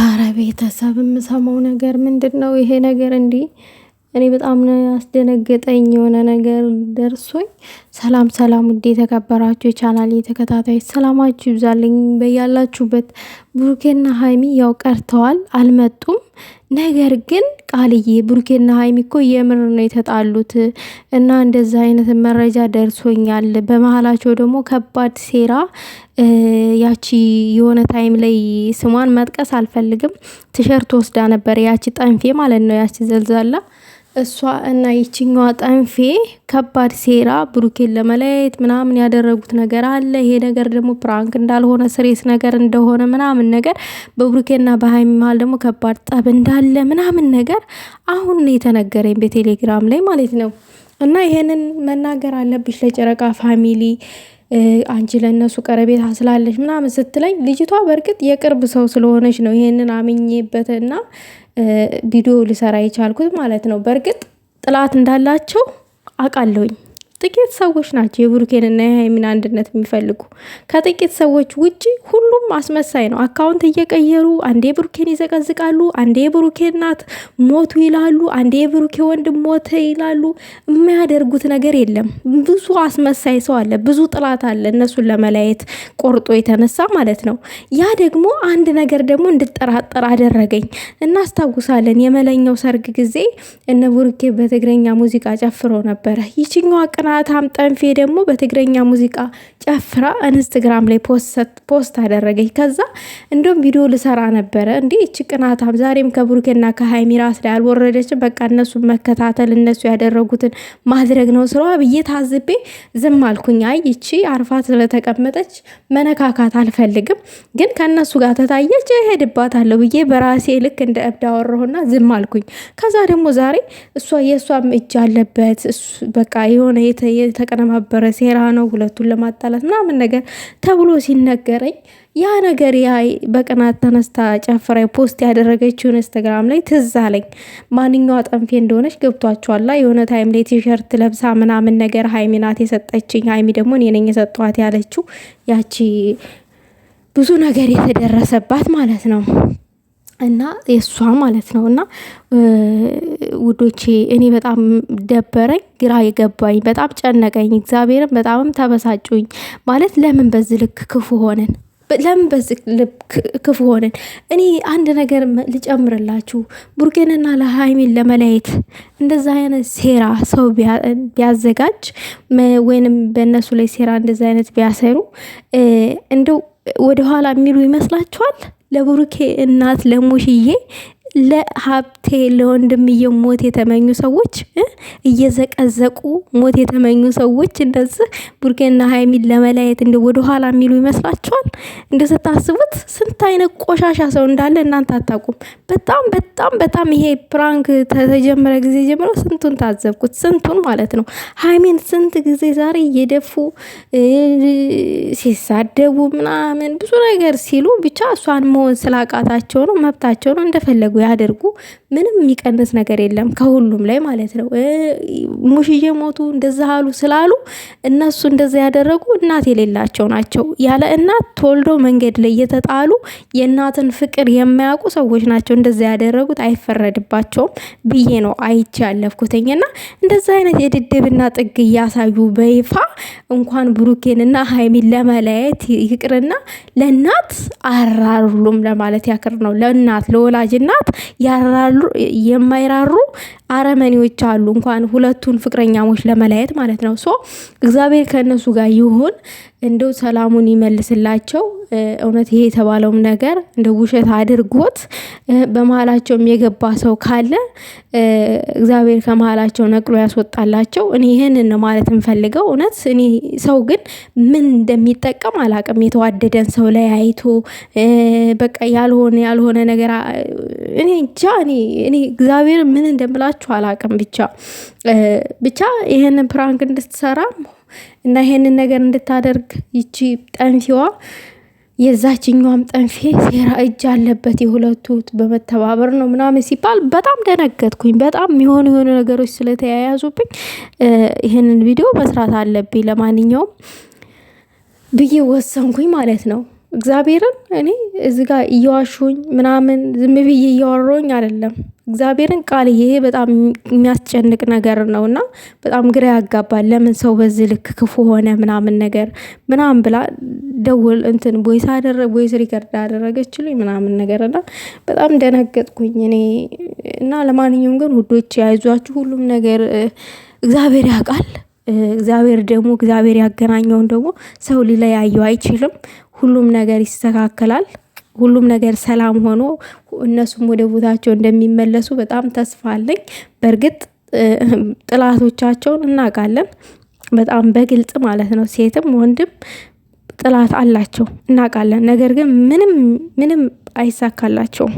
አረ ቤተሰብ የምሰማው ነገር ምንድን ነው ይሄ ነገር? እንዲህ እኔ በጣም ነው ያስደነገጠኝ የሆነ ነገር ደርሶኝ። ሰላም ሰላም፣ ውድ የተከበራችሁ የቻናል የተከታታዮች ሰላማችሁ ይብዛልኝ በያላችሁበት። ብሩኬና ሀይሚ ያው ቀርተዋል አልመጡም። ነገር ግን ቃልዬ ብሩኬና ሀይሚ እኮ የምር ነው የተጣሉት እና እንደዚህ አይነት መረጃ ደርሶኛል። በመሀላቸው ደግሞ ከባድ ሴራ ያቺ የሆነ ታይም ላይ ስሟን መጥቀስ አልፈልግም። ቲሸርት ወስዳ ነበር ያቺ ጠንፌ ማለት ነው ያቺ ዘልዛላ እሷ እና ይችኛዋ ጠንፌ ከባድ ሴራ ብሩኬን ለመለያየት ምናምን ያደረጉት ነገር አለ። ይሄ ነገር ደግሞ ፕራንክ እንዳልሆነ ስሬስ ነገር እንደሆነ ምናምን ነገር በብሩኬና በሀይሚ መሀል ደግሞ ከባድ ጠብ እንዳለ ምናምን ነገር አሁን የተነገረኝ በቴሌግራም ላይ ማለት ነው። እና ይሄንን መናገር አለብሽ ለጨረቃ ፋሚሊ አንቺ ለእነሱ ቀረቤታ ስላለሽ ምናምን ስትለኝ ልጅቷ በእርግጥ የቅርብ ሰው ስለሆነች ነው ይሄንን አምኜበትና ቪዲዮ ልሰራ የቻልኩት ማለት ነው። በእርግጥ ጥላት እንዳላቸው አውቃለሁኝ ጥቂት ሰዎች ናቸው የብሩኬንና የሀይሚን አንድነት የሚፈልጉ። ከጥቂት ሰዎች ውጪ ሁሉም አስመሳይ ነው። አካውንት እየቀየሩ አንዴ ብሩኬን ይዘቀዝቃሉ፣ አንዴ የብሩኬን እናት ሞቱ ይላሉ፣ አንዴ የብሩኬ ወንድም ሞተ ይላሉ። የሚያደርጉት ነገር የለም። ብዙ አስመሳይ ሰው አለ፣ ብዙ ጥላት አለ። እነሱን ለመለየት ቆርጦ የተነሳ ማለት ነው። ያ ደግሞ አንድ ነገር ደግሞ እንድጠራጠር አደረገኝ። እናስታውሳለን የመለኛው ሰርግ ጊዜ እነ ብሩኬ በትግረኛ ሙዚቃ ጨፍሮ ነበረ አቀና ማታም ጠንፌ ደግሞ በትግረኛ ሙዚቃ ጨፍራ ኢንስትግራም ላይ ፖስት አደረገች። ከዛ እንደም ቪዲዮ ልሰራ ነበረ እንዴ እች ቅናታም ዛሬም ከብሩኬና ከሀይሚ ራስ ላይ አልወረደችም። በቃ እነሱን መከታተል እነሱ ያደረጉትን ማድረግ ነው ስራዋ ብዬ ታዝቤ ዝም አልኩኝ። አይ ይቺ አርፋ ስለተቀመጠች መነካካት አልፈልግም፣ ግን ከእነሱ ጋር ተታየች እሄድባታለሁ ብዬ በራሴ ልክ እንደ እብድ አወራሁና ዝም አልኩኝ። ከዛ ደግሞ ዛሬ እሷ የእሷም እጅ አለበት በቃ የሆነ የት የተቀነባበረ ሴራ ነው፣ ሁለቱን ለማጣላት ምናምን ነገር ተብሎ ሲነገረኝ ያ ነገር ያ በቅናት ተነስታ ጨፍራ ፖስት ያደረገችውን ኢንስተግራም ላይ ትዝ አለኝ። ማንኛዋ ጠንፌ እንደሆነች ገብቷችኋላ። የሆነ ታይም ላይ ቲሸርት ለብሳ ምናምን ነገር ሀይሚ ናት የሰጠችኝ፣ ሀይሚ ደግሞ እኔ ነኝ የሰጠኋት ያለችው ያቺ ብዙ ነገር የተደረሰባት ማለት ነው። እና የእሷ ማለት ነው። እና ውዶቼ እኔ በጣም ደበረኝ፣ ግራ የገባኝ፣ በጣም ጨነቀኝ፣ እግዚአብሔርን በጣምም ተበሳጩኝ። ማለት ለምን በዚህ ልክ ክፉ ሆንን? ለምን በዚህ ልክ ክፉ ሆንን? እኔ አንድ ነገር ልጨምርላችሁ። ቡርጌንና ለሀይሚን ለመለየት እንደዛ አይነት ሴራ ሰው ቢያዘጋጅ ወይንም በእነሱ ላይ ሴራ እንደዚ አይነት ቢያሰሩ እንደው ወደኋላ የሚሉ ይመስላችኋል? ለብሩኬ እናት ለሙሽዬ ለሀብቴ ለወንድምየው ሞት የተመኙ ሰዎች እየዘቀዘቁ ሞት የተመኙ ሰዎች እንደዚህ ቡርኬና ሀይሚን ለመለየት እንደ ወደኋላ የሚሉ ይመስላችኋል? እንደ ስታስቡት ስንት አይነት ቆሻሻ ሰው እንዳለ እናንተ አታውቁም። በጣም በጣም በጣም ይሄ ፕራንክ ተጀመረ ጊዜ ጀምሮ ስንቱን ታዘብኩት፣ ስንቱን ማለት ነው። ሀይሚን ስንት ጊዜ ዛሬ እየደፉ ሲሳደቡ ምናምን ብዙ ነገር ሲሉ ብቻ እሷን መሆን ስላቃታቸው ነው፣ መብታቸው ነው እንደፈለጉ ያደርጉ ምንም የሚቀንስ ነገር የለም ከሁሉም ላይ ማለት ነው። ሙሽዬ ሞቱ እንደዛ አሉ ስላሉ እነሱ እንደዛ ያደረጉ እናት የሌላቸው ናቸው። ያለ እናት ተወልዶ መንገድ ላይ የተጣሉ የእናትን ፍቅር የማያውቁ ሰዎች ናቸው እንደዛ ያደረጉት። አይፈረድባቸውም ብዬ ነው አይቼ ያለፍኩትኝ እና እንደዛ አይነት የድድብና ጥግ እያሳዩ በይፋ እንኳን ብሩኬንና ሀይሚን ለመለየት ይቅርና ለእናት አራሉም ለማለት ያክር ነው። ለእናት ለወላጅ እናት ያራሉ የማይራሩ አረመኔዎች አሉ። እንኳን ሁለቱን ፍቅረኛሞች ለመለየት ማለት ነው። ሶ እግዚአብሔር ከእነሱ ጋር ይሁን፣ እንደው ሰላሙን ይመልስላቸው። እውነት ይሄ የተባለውም ነገር እንደ ውሸት አድርጎት በመሀላቸውም የገባ ሰው ካለ እግዚአብሔር ከመሀላቸው ነቅሎ ያስወጣላቸው። እኔ ይህንን ነው ማለት የምፈልገው። እውነት እኔ ሰው ግን ምን እንደሚጠቀም አላቅም። የተዋደደን ሰው ላይ አይቶ በቃ ያልሆነ ያልሆነ ነገር እኔ እንጃ እኔ እኔ እግዚአብሔር ምን እንደምላችሁ አላቅም። ብቻ ብቻ ይህንን ፕራንክ እንድትሰራ እና ይሄንን ነገር እንድታደርግ ይቺ ጠንፊዋ የዛችኛዋም ጠንፌ ሴራ እጅ አለበት፣ የሁለቱ በመተባበር ነው ምናምን ሲባል በጣም ደነገጥኩኝ። በጣም የሆኑ የሆኑ ነገሮች ስለተያያዙብኝ ይህንን ቪዲዮ መስራት አለብኝ ለማንኛውም ብዬ ወሰንኩኝ ማለት ነው። እግዚአብሔርን እኔ እዚ ጋር እየዋሹኝ ምናምን ዝም ብዬ አደለም አይደለም። እግዚአብሔርን ቃል ይሄ በጣም የሚያስጨንቅ ነገር ነው እና በጣም ግራ ያጋባል። ለምን ሰው በዚህ ልክ ክፉ ሆነ ምናምን ነገር ምናምን ብላ ደውል እንትን ቦይስ አደረ ቦይስ ሪከርድ አደረገችልኝ ምናምን ነገር እና በጣም ደነገጥኩኝ እኔ እና ለማንኛውም ግን ውዶች ያይዟችሁ ሁሉም ነገር እግዚአብሔር ያውቃል። እግዚአብሔር ደግሞ እግዚአብሔር ያገናኘውን ደግሞ ሰው ሊለያየው አይችልም። ሁሉም ነገር ይስተካከላል። ሁሉም ነገር ሰላም ሆኖ እነሱም ወደ ቦታቸው እንደሚመለሱ በጣም ተስፋ አለኝ። በእርግጥ ጥላቶቻቸውን እናውቃለን፣ በጣም በግልጽ ማለት ነው። ሴትም ወንድም ጥላት አላቸው እናውቃለን። ነገር ግን ምንም ምንም አይሳካላቸውም።